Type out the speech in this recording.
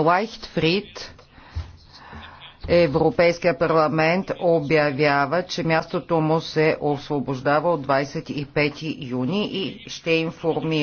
Лайхтфрид, Европейския парламент обявява, че мястото му се освобождава от 25 юни и ще информира